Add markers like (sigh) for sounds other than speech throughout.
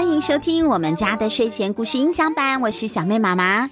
歡迎收聽我們家的睡前故事音享版，我是小妹媽媽。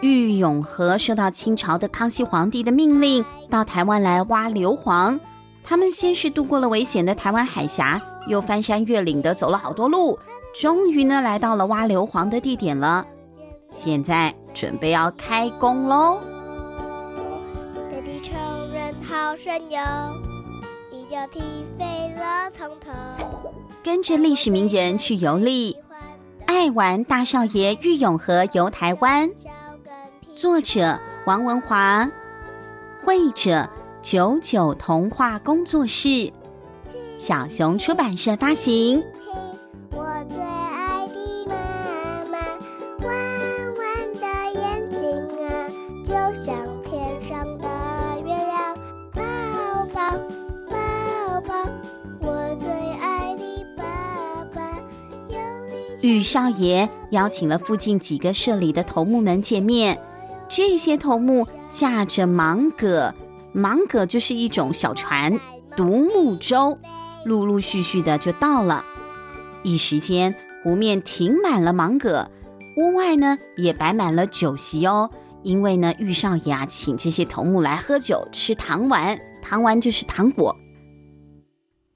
郁永河受到清朝的康熙皇帝的命令，到台灣來挖硫磺。他們先是渡過了危險的台灣海峽，又翻山越嶺地走了好多路，終於呢來到了挖硫磺的地點了。現在準備要開工嘍！地成人好一腳踢飛了頭跟着歷史名人去遊歷，愛玩大少爺郁永河遊台灣。作者：王文華，繪者：久久童畫工作室，小熊出版社發行。郁少爺邀請了附近幾個社裡的頭目們見面，這些頭目駕着莽葛，莽葛就是一種小船，獨木舟，陸陸續續的就到了，一時間湖面停滿了莽葛，屋外呢也擺滿了酒席哦，因為呢郁少爺啊請這些頭目來喝酒吃糖丸，糖丸就是糖果，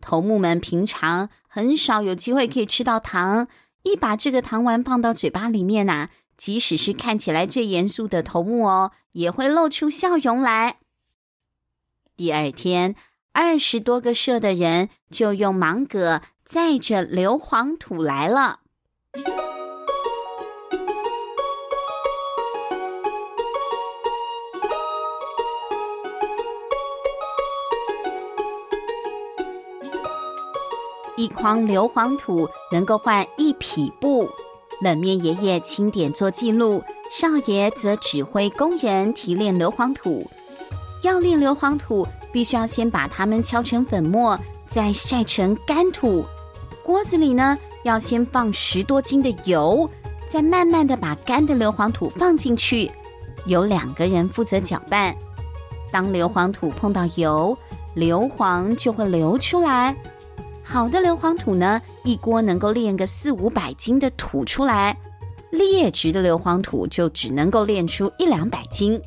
頭目們平常很少有機會可以吃到糖。一把這個糖丸放到嘴巴裡面吶、啊，即使是看起來最嚴肅的頭目哦，也會露出笑容來。第二天，二十多個社的人就用芒格載着硫磺土來了。一筐硫磺土能夠換一匹布。冷面爺爺清點做記錄，少爺則指揮工人提煉硫磺土。要煉硫磺土，必須要先把它們敲成粉末，再曬成乾土。鍋子裡呢，要先放十多斤的油，再慢慢地把乾的硫磺土放進去。由兩個人負責攪拌。當硫磺土碰到油，硫磺就會流出來。好的硫磺土呢，一鍋能夠煉個四五百斤的土出來；劣質的硫磺土就只能夠煉出一兩百斤。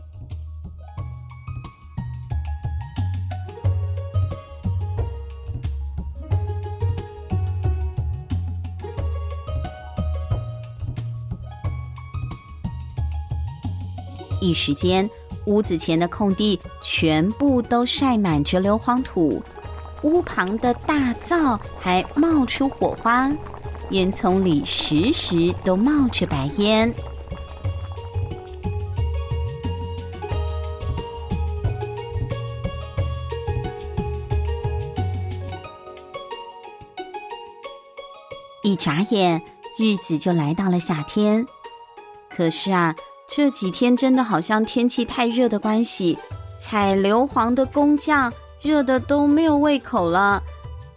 一時間，屋子前的空地全部都曬滿着硫磺土。屋旁的大灶還冒出火花，煙囪裡時時都冒着白煙。一眨眼，日子就來到了夏天。可是啊，這幾天真的好像天氣太熱的關係，採硫磺的工匠。熱的都沒有胃口了，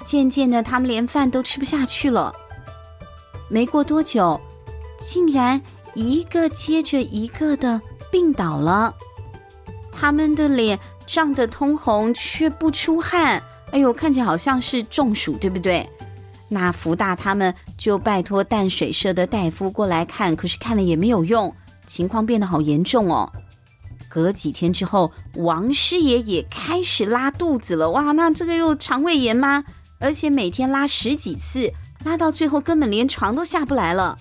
漸漸的他們連飯都吃不下去了。沒過多久，竟然一個接着一個的病倒了。他們的臉漲得通紅，卻不出汗。哎呦，看起來好像是中暑，對不對？那福大他們就拜託淡水社的大夫過來看，可是看了也沒有用，情況變得好嚴重哦。隔幾天之後，王師爺也開始拉肚子了。哇，那這個又腸胃炎嗎？而且每天拉十幾次，拉到最後根本連床都下不來了。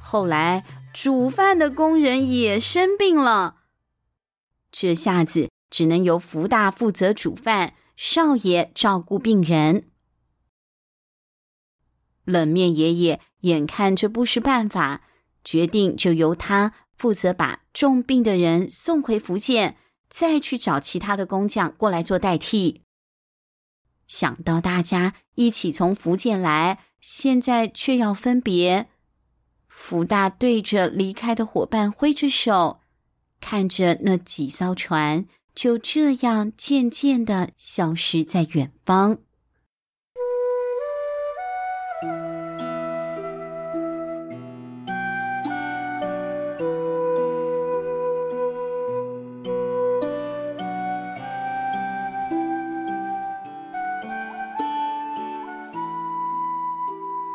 後來煮飯的工人也生病了，這下子只能由福大負責煮飯，少爺照顧病人。冷面爺爺眼看這不是辦法，決定就由他。負責把重病的人送回福建，再去找其他的工匠過來做代替。想到大家一起從福建來，現在卻要分別。福大對着離開的夥伴揮着手，看着那幾艘船就這樣漸漸的消失在遠方。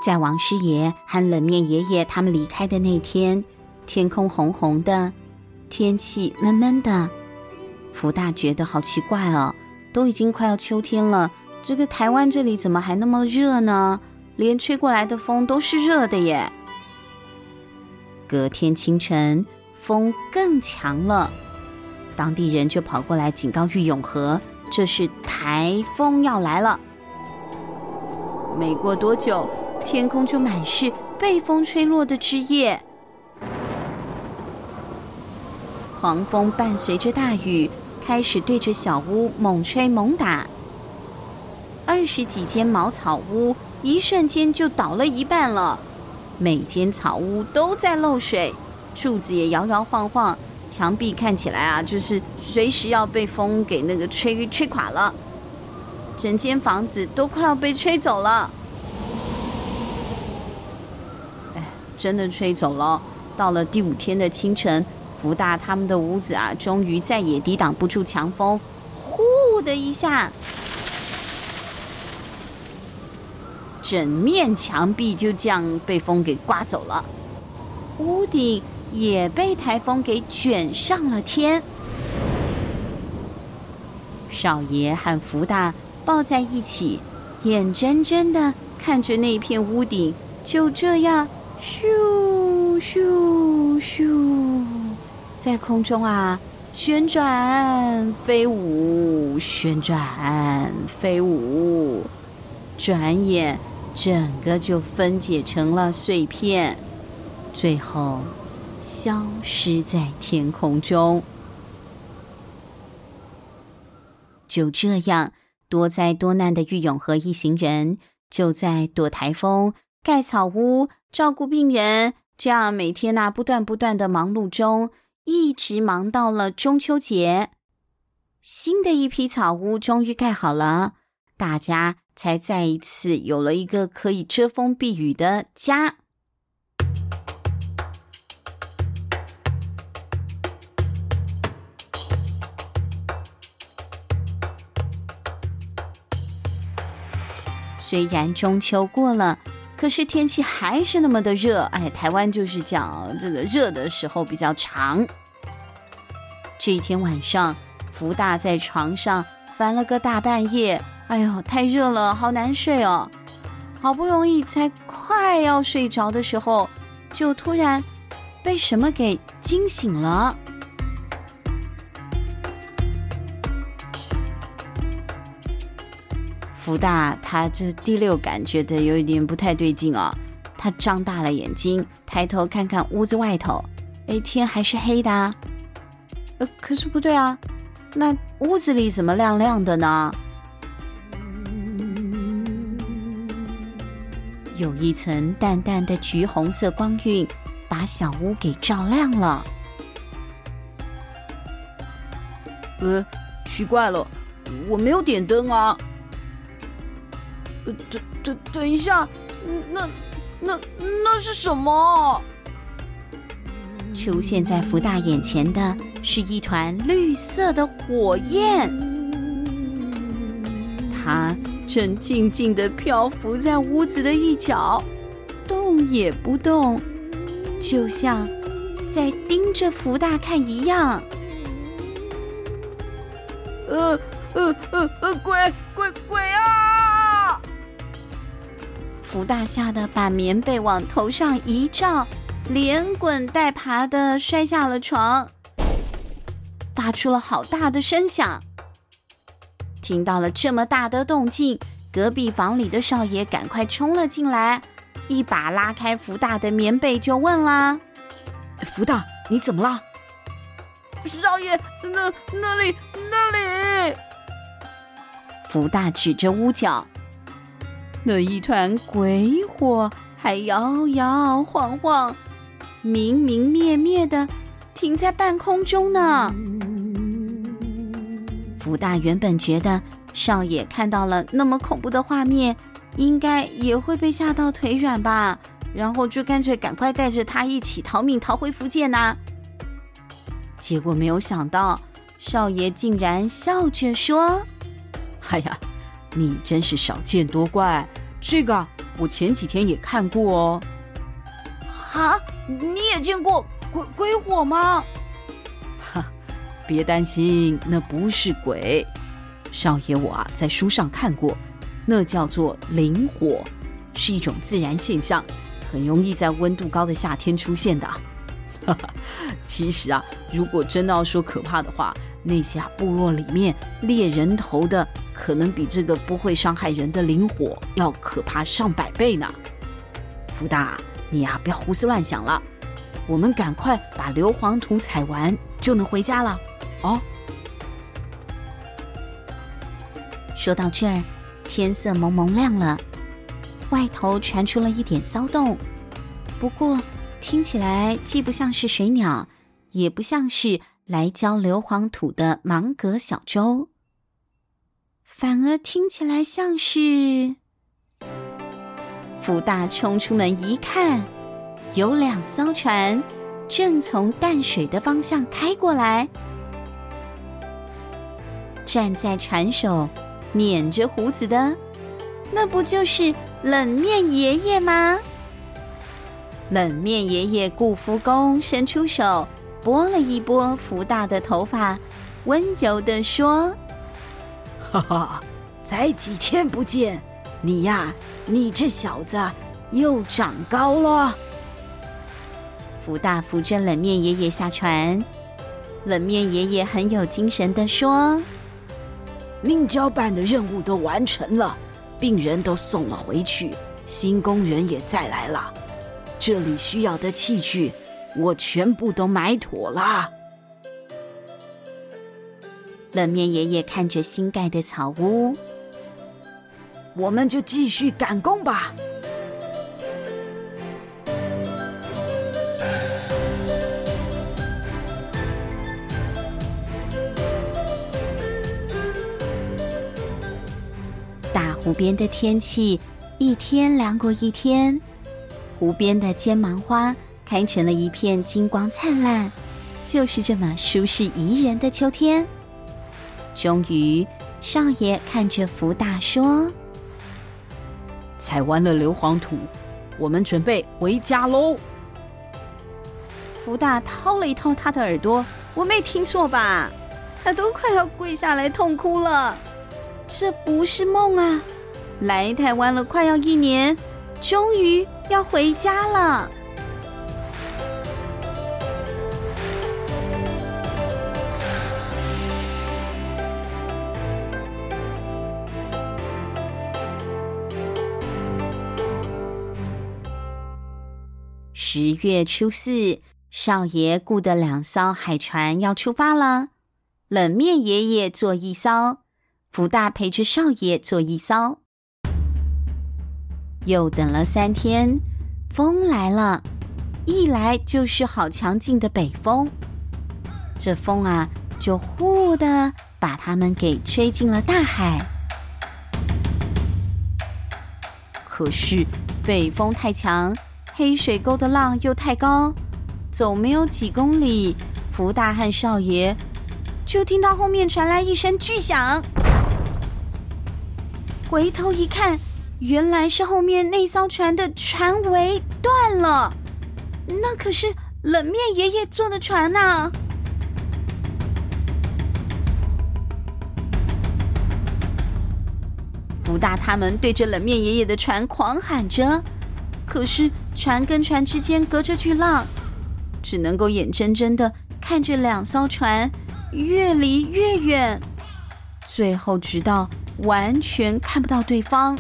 在王師爺和冷面爺爺他們離開的那天，天空紅紅的，天氣悶悶的。福大覺得好奇怪哦，都已經快要秋天了，這個台灣這裡怎麼還那麼熱呢？連吹過來的風都是熱的耶。隔天清晨，風更強了，當地人就跑過來警告郁永河，這是颱風要來了。沒過多久。天空就滿是被風吹落的枝葉，狂風伴隨着大雨開始對着小屋猛吹猛打，二十幾間茅草屋一瞬間就倒了一半了，每間草屋都在漏水，柱子也搖搖晃晃，牆壁看起來啊，就是隨時要被風給那個吹吹垮了，整間房子都快要被吹走了。真的吹走了。到了第五天的清晨，福大他們的屋子啊，終於再也抵擋不住強風，呼的一下，整面牆壁就這樣被風給颳走了，屋頂也被台風給捲上了天。少爺和福大抱在一起，眼睜睜的看着那片屋頂就這樣。咻咻咻，在空中啊，旋轉飛舞，旋轉飛舞，轉眼整個就分解成了碎片，最後消失在天空中。就這樣，多災多難的郁永河一行人就在躲颱風。蓋草屋、照顧病人，這樣每天那、啊、不斷不斷的忙碌中，一直忙到了中秋節。新的一批草屋終於蓋好了，大家才再一次有了一個可以遮風避雨的家。雖然中秋過了，可是天氣還是那麼的熱，哎，台灣就是講這個熱的時候比較長。這一天晚上，福大在床上翻了個大半夜，哎呦，太熱了，好難睡哦。好不容易才快要睡着的時候，就突然被什麼給驚醒了。不大，他這第六感覺得有一點不太對勁啊。他張大了眼睛，抬頭看看屋子外頭，哎，天還是黑的啊。呃，可是不對啊，那屋子裡怎麼亮亮的呢？嗯、有一層淡淡的橘紅色光暈，把小屋給照亮了。呃，奇怪了，我沒有點燈啊。呃，等等等一下，那那那是什麼？出現在福大眼前的是一團綠色的火焰，他正靜靜的漂浮在屋子的一角，動也不動，就像在盯着福大看一樣。呃呃呃呃，鬼鬼鬼啊！福大嚇得把棉被往頭上一罩，連滾帶爬的摔下了床，發出了好大的聲響。聽到了這麼大的動靜，隔壁房裡的少爺趕快衝了進來，一把拉開福大的棉被就問啦：“福大，你怎麼了？”少爺，那那裡那裡？福大指着屋角。那一團鬼火還搖搖晃晃、明明滅滅的停在半空中呢。嗯、福大原本覺得少爺看到了那麼恐怖的畫面，應該也會被嚇到腿軟吧，然後就乾脆趕快帶着他一起逃命逃回福建吶、啊。結果沒有想到，少爺竟然笑着說：“哎呀。”你真是少見多怪，這個我前幾天也看過哦。啊，你也見過鬼鬼火嗎？哈，別擔心，那不是鬼。少爺我啊在書上看過，那叫做磷火，是一種自然現象，很容易在溫度高的夏天出現的。 (laughs) 其實啊，如果真的要說可怕的話，那些部落裡面獵人頭的，可能比這個不會傷害人的靈火要可怕上百倍呢。福大，你呀、啊、不要胡思亂想了，我們趕快把硫磺土採完就能回家了。哦，說到這兒，天色蒙蒙亮了，外頭傳出了一點騷動，不過。聽起來既不像是水鳥，也不像是來澆硫磺土的芒格小舟，反而聽起來像是福大衝出門一看，有兩艘船正從淡水的方向開過來，站在船首，捻着鬍子的，那不就是冷面爺爺嗎？冷面爺爺顧福公伸出手，撥了一撥福大的頭髮，溫柔的說：“哈哈，才幾天不見，你呀，你這小子又長高了。”福大扶着冷面爺爺下船，冷面爺爺很有精神的說：“您交辦的任務都完成了，病人都送了回去，新工人也再來了。”這裡需要的器具，我全部都買妥了。冷面爺爺看着新蓋的草屋，我們就繼續趕工吧。大湖邊的天氣，一天涼過一天。湖邊的金芒花開成了一片金光燦爛，就是這麼舒適宜人的秋天。終於，少爺看着福大說：“採完了硫磺土，我們準備回家嘍。”福大掏了一掏他的耳朵，“我沒聽錯吧？”他都快要跪下來痛哭了，這不是夢啊！來台灣了快要一年，終於。要回家了。十月初四，少爺僱的兩艘海船要出發了。冷面爺爺坐一艘，福大陪着少爺坐一艘。又等了三天，風來了，一來就是好強勁的北風。這風啊，就呼的把他們給吹進了大海。可是北風太強，黑水溝的浪又太高，走沒有幾公里，福大漢少爺就聽到後面傳來一聲巨響。回頭一看。原來是後面那艘船的船桅斷了，那可是冷面爺爺坐的船吶、啊。福大他們對着冷面爺爺的船狂喊着，可是船跟船之間隔着巨浪，只能夠眼睜睜的看着兩艘船越離越遠，最後直到完全看不到對方。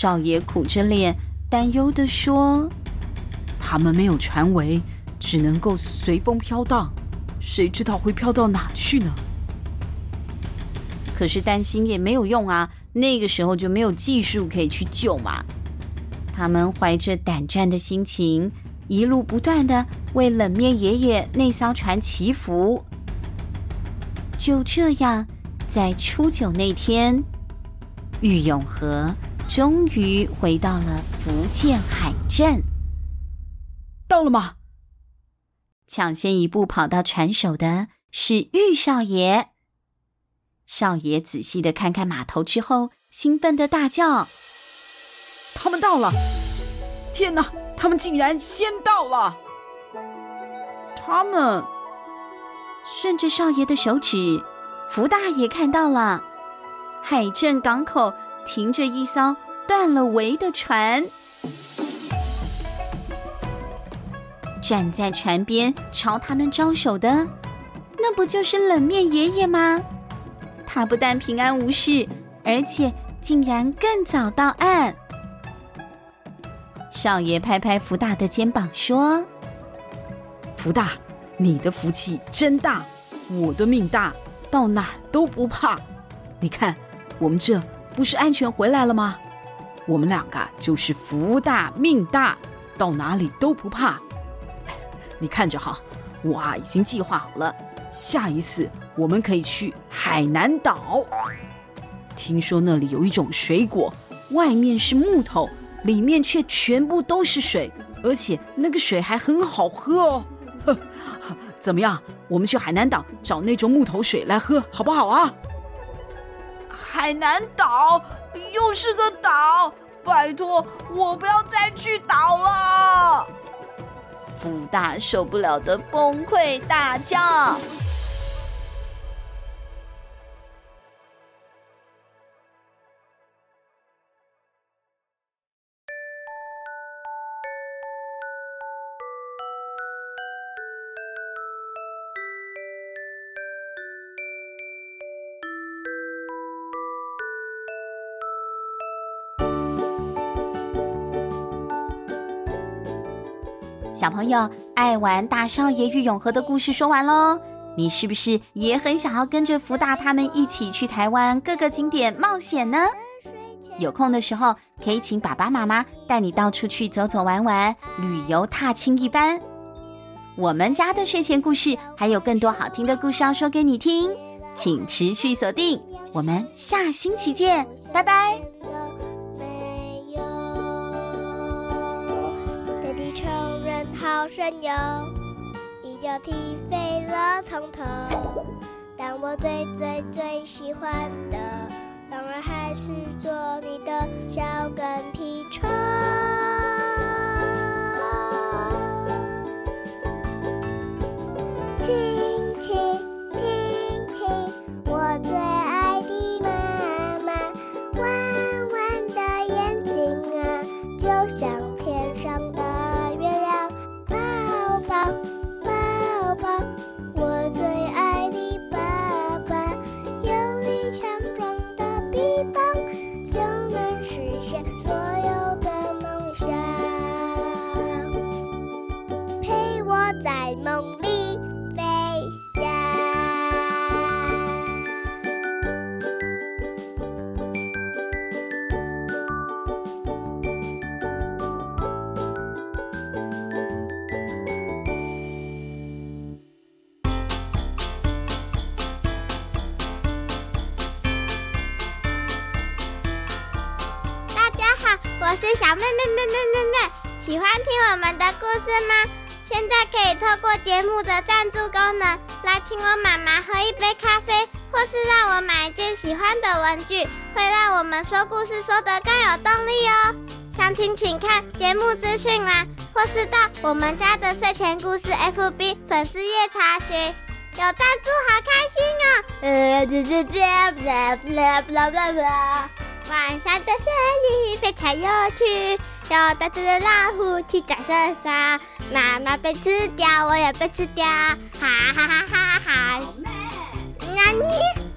少爺苦着臉，擔憂的說：“他們沒有船桅，只能夠隨風飄蕩，誰知道會飄到哪去呢？可是擔心也沒有用啊，那個時候就沒有技術可以去救嘛。”他們懷着膽戰的心情，一路不斷的為冷面爺爺那艘船祈福。就這樣，在初九那天，郁永河。終於回到了福建海鎮。到了嗎？搶先一步跑到船首的是郁少爺。少爺仔細的看看碼頭之後，興奮的大叫：“他們到了！天哪，他們竟然先到了！”他們順着少爺的手指，福大爺看到了海鎮港口，停着一艘斷了桅的船，站在船邊朝他們招手的，那不就是冷面爺爺嗎？他不但平安無事，而且竟然更早到岸。少爺拍拍福大的肩膀說：“福大，你的福氣真大，我的命大，到哪兒都不怕。你看，我們這……”不是安全回來了嗎？我們兩個就是福大命大，到哪裡都不怕。你看着哈，我啊已經計劃好了，下一次我們可以去海南島。聽說那裡有一種水果，外面是木頭，裡面卻全部都是水，而且那個水還很好喝哦。呵呵，怎麼樣，我們去海南島找那種木頭水來喝，好不好啊？海南島又是個島，拜託我不要再去島了。福大受不了的崩潰大叫。小朋友愛玩大少爺郁永河的故事說完嘍，你是不是也很想要跟着福大他們一起去台灣各個景點冒險呢？有空的時候可以請爸爸媽媽帶你到處去走走玩玩，旅遊踏青一番。我們家的睡前故事還有更多好聽的故事要說給你聽，請持續鎖定，我們下星期見，拜拜。好神遊，一腳踢飛了從頭，頭。但我最最最喜歡的，當然還是做你的小跟屁蟲。在夢裡飛翔。大家好，我是小妹妹，妹妹妹妹妹妹，喜歡聽我們的故事嗎？可以透過節目的贊助功能，來請我媽媽喝一杯咖啡，或是讓我買一件喜歡的玩具，會讓我們說故事說得更有動力哦。鄉親，請看節目資訊欄、啊，或是到我們家的睡前故事 FB 粉絲頁查詢。有贊助好開心哦！呃，晚上的睡衣非常有趣。要帶着老虎去打山山，媽媽被吃掉，我也被吃掉，哈哈哈哈，哈！哈，哪泥。